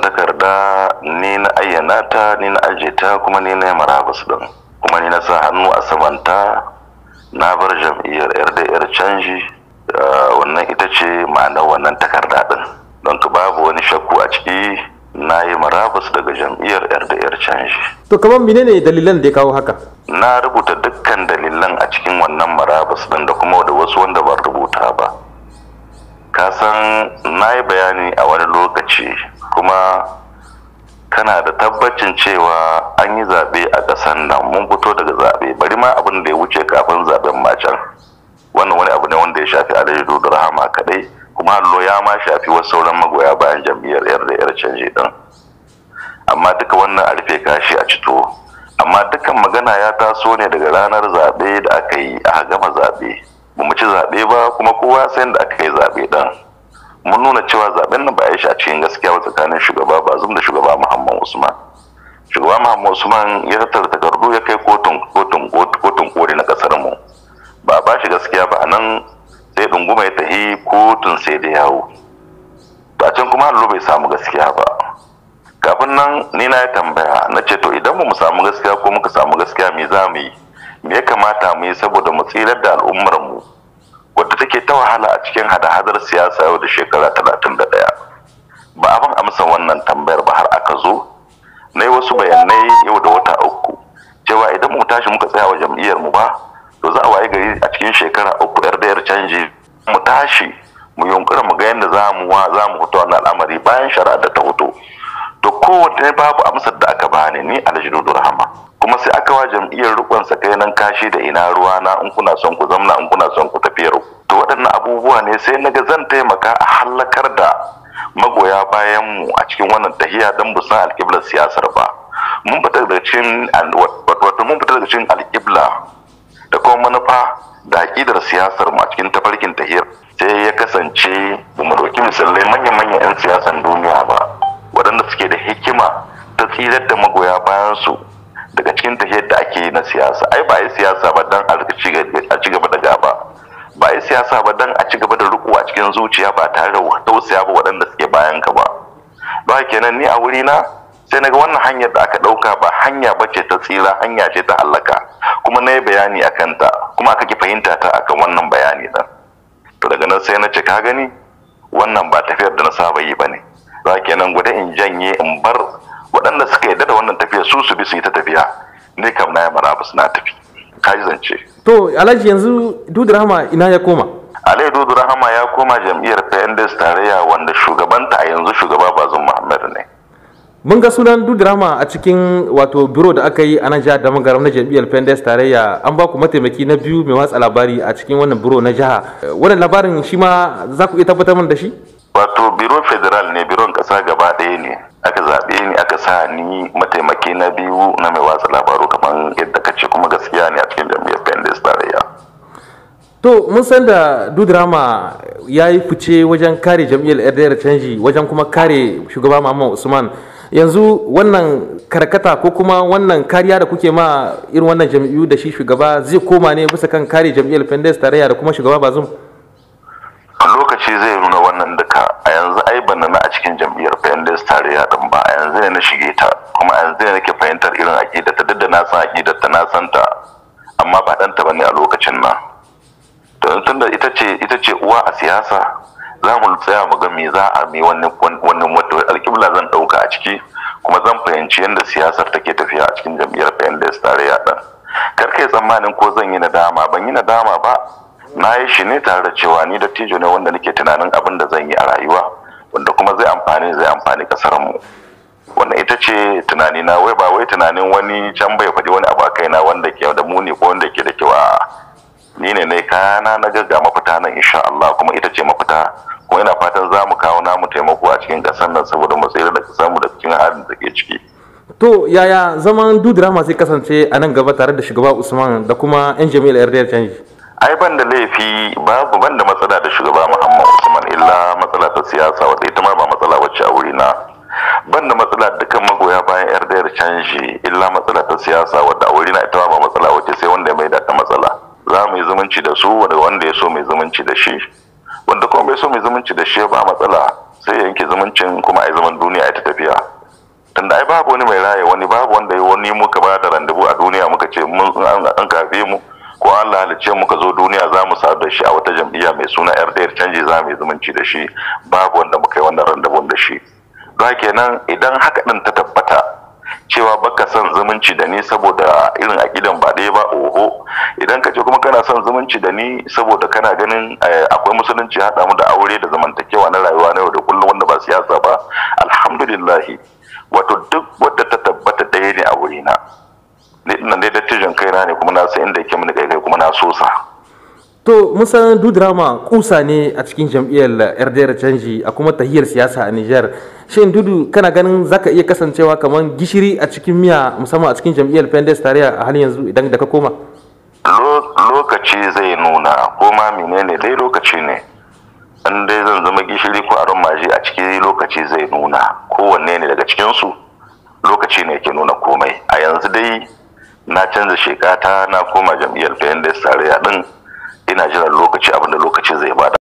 takarda ni na ayyana ta ni na aje ta kuma ni na marabus din kuma ni na sa hannu a samanta na bar jam'iyyar rdr canji ah, wannan ita ce ma'anar wannan takarda din don ka babu wani shakku a ciki na yi marabus daga jam'iyyar rdr canji to kamar menene dalilan da ya kawo haka na rubuta dukkan dalilan a cikin wannan marabus din da kuma da wasu wanda ban rubuta ba kasan na yi bayani a wani lokaci kuma kana da tabbacin cewa an yi zaɓe a ƙasar nan mun fito daga zaɓe bari ma abin da ya wuce kafin zaɓen macen wannan wani abu ne wanda ya shafi alhaji dodo rahama kaɗai kuma allo ya ma shafi wasu sauran magoya bayan jam'iyyar yar da yar canje ɗin amma duka wannan a rufe kashi a cito amma dukan magana ya taso ne daga ranar zaɓe da aka yi a gama zaɓe ba mu ci zaɓe ba kuma kowa sayan da aka yi zaɓe ɗin mun nuna cewa zaben nan ba ya shi a cikin gaskiya ba tsakanin shugaba bazum da shugaba muhammad usman shugaba muhammad usman ya tattara takardu ya kai kotun kotun kotun kori na kasar mu ba ba shi gaskiya ba anan, sai dunguma ya tahi kotun sai da yawo Ba can kuma allo bai samu gaskiya ba kafin nan ni na ya tambaya na ce to idan mu samu gaskiya ko muka samu gaskiya me za mu yi me ya kamata mu yi saboda mu tsirar da al'ummar mu wadda take ta wahala a cikin hada-hadar siyasa yau da shekara talatin da ɗaya ba abin amsa wannan tambayar ba har aka zo na yi wasu bayanai yau da wata uku cewa idan mu tashi muka tsaya wa jam'iyyar mu ba to za a waye gari a cikin shekara uku yar da canji mu tashi mu yunkura mu ga yadda za mu wa za mu fito wannan al'amari bayan shari'a da ta fito to kowace babu amsar da aka bani ni alhaji da rahama kuma sai aka wa jam'iyyar rikon nan kashi da ina ruwa na in kuna son ku zamna in kuna son ku tafiyar ku to waɗannan abubuwa ne sai na ga zan taimaka a hallakar da magoya bayan mu a cikin wannan tahiya don bu san alƙiblar siyasar ba mun fita daga cikin wato mun fita daga cikin alƙibla da kuma manufa da aƙidar siyasar mu a cikin tafarkin tahiyar sai ya kasance ba mu ɗauki misalai manya-manyan 'yan siyasar duniya ba waɗanda suke da hikima ta tsirar da magoya bayansu daga cikin tahiyar da ake yi na siyasa ai ba a yi siyasa ba don a ci gaba da gaba ba yi siyasa ba don a ci gaba da riko a cikin zuciya ba tare da tausaya ba waɗanda suke bayan ka ba Ba kenan ni a wuri na sai naga wannan hanyar da aka ɗauka ba hanya ba ce ta tsira hanya ce ta hallaka kuma na yi bayani a kanta kuma aka ki fahimta ta akan wannan bayani ɗin to daga nan sai na ce ka gani wannan ba tafiyar da na saba yi ba ne Ba kenan guda in janye in bar waɗanda suka yarda da wannan tafiya su su bi su yi ta tafiya ne kam na yi marabus na tafi ka zance to alhaji yanzu dudu rahama ina ya koma alai dudu rahama ya koma jam'iyyar pnds tarayya wanda shugabanta a yanzu shugaba bazum muhammad ne mun ga sunan dudu rahama a cikin wato biro da aka yi a nan jihar da magaram na jam'iyyar pnds tarayya an ba ku mataimaki na biyu mai watsa labari a cikin wannan biro na jiha wannan labarin shi ma za ku iya tabbatar da shi wato biro federal ne sa ni mataimaki na biyu na mai watsa labaru kamar yadda ka ce kuma gaskiya ne a cikin jam'iyyar pendes tarayya to mun san da dudrama ya yi fice wajen kare jam'iyyar yardayar canji wajen kuma kare shugaba muhammad usman yanzu wannan karkata ko kuma wannan kariya da kuke ma irin wannan jam'iyyu da shi shugaba zai koma ne bisa kan kare jam'iyyar pendis tarayya da kuma shugaba bazum lokaci zai nuna wannan duka a yanzu ai ban na a cikin jam'iyyar PNDS tarayya din ba a yanzu ne na shige ta kuma a yanzu ne nake fahimtar irin aƙidar ta duk da na san aƙidar ta na san ta amma ba ɗanta bane a lokacin nan to tunda ita ce ita ce uwa a siyasa za mu tsaya mu ga me za a me wani wani alƙibla zan ɗauka a ciki kuma zan fahimci yadda siyasar take tafiya a cikin jam'iyyar PNDS tarayya din kar kai tsammanin ko zan yi nadama ban yi nadama ba na yi shi ne tare da cewa ni dattijo ne wanda nake tunanin abin da zan yi a rayuwa wanda kuma zai amfani zai amfani kasar mu wannan ita ce tunani na wai ba wai tunanin wani can bai faɗi wani abu a na, wanda ke da muni ko wanda ke da kyau a ni ne nai kana na gagga mafita nan insha Allah kuma ita ce mafita kuma ina fatan za mu kawo namu taimako a cikin kasar nan saboda mu tsira da kasar mu da cikin halin da ke ciki to yaya zaman dudrama masu kasance a nan gaba tare da shugaba Usman da kuma yan jami'ar RDR canji ai ban da laifi babu ban da matsala da shugaba muhammad usman illa matsala ta siyasa wadda ita ma ba matsala wacce a wuri na ban da matsala dukkan magoya bayan yar da canji illa matsala ta siyasa wadda a wuri na ita ma ba matsala wacce sai wanda ya mai da matsala za mu yi zumunci da su wanda wanda ya so mai zumunci da shi wanda kuma bai so mai zumunci da shi ba matsala sai ya yanke zumuncin kuma a zaman duniya ta tafiya tunda ai babu wani mai raye wani babu wanda ya wani muka ba da randabu a duniya muka ce mun an kafe mu ko Allah halice muka zo duniya za mu sadu da shi a wata jam'iyya mai suna yar da canji za mu yi zumunci da shi babu wanda muka yi wannan randabon da shi za kenan idan haka din ta tabbata cewa baka son zumunci da ni saboda irin gidan ba ɗaya ba oho idan ka ce kuma kana son zumunci da ni saboda kana ganin eh, akwai musulunci haɗa mu da aure da zamantakewa na rayuwa na yau da kullum wanda ba siyasa ba alhamdulillahi wato duk wadda ta tabbata ɗaya ne a wurina ne nan dai dattijan kaina ne kuma na san inda yake mini kai kuma na so sa to musa drama kusa ne a cikin jam'iyyar yardera canji a kuma tahiyar siyasa a niger shin dudu kana ganin zaka iya kasancewa kamar gishiri a cikin miya musamman a cikin jam'iyyar pendes tare a halin yanzu idan da ka koma lokaci zai nuna koma menene dai lokaci ne an dai zan zama gishiri ko aron maji a cikin lokaci zai nuna kowanne ne daga cikinsu lokaci ne ke nuna komai a yanzu dai na canza shekata na koma jam'iyyar pnds tarayya din ina jiran lokaci abinda lokaci zai bada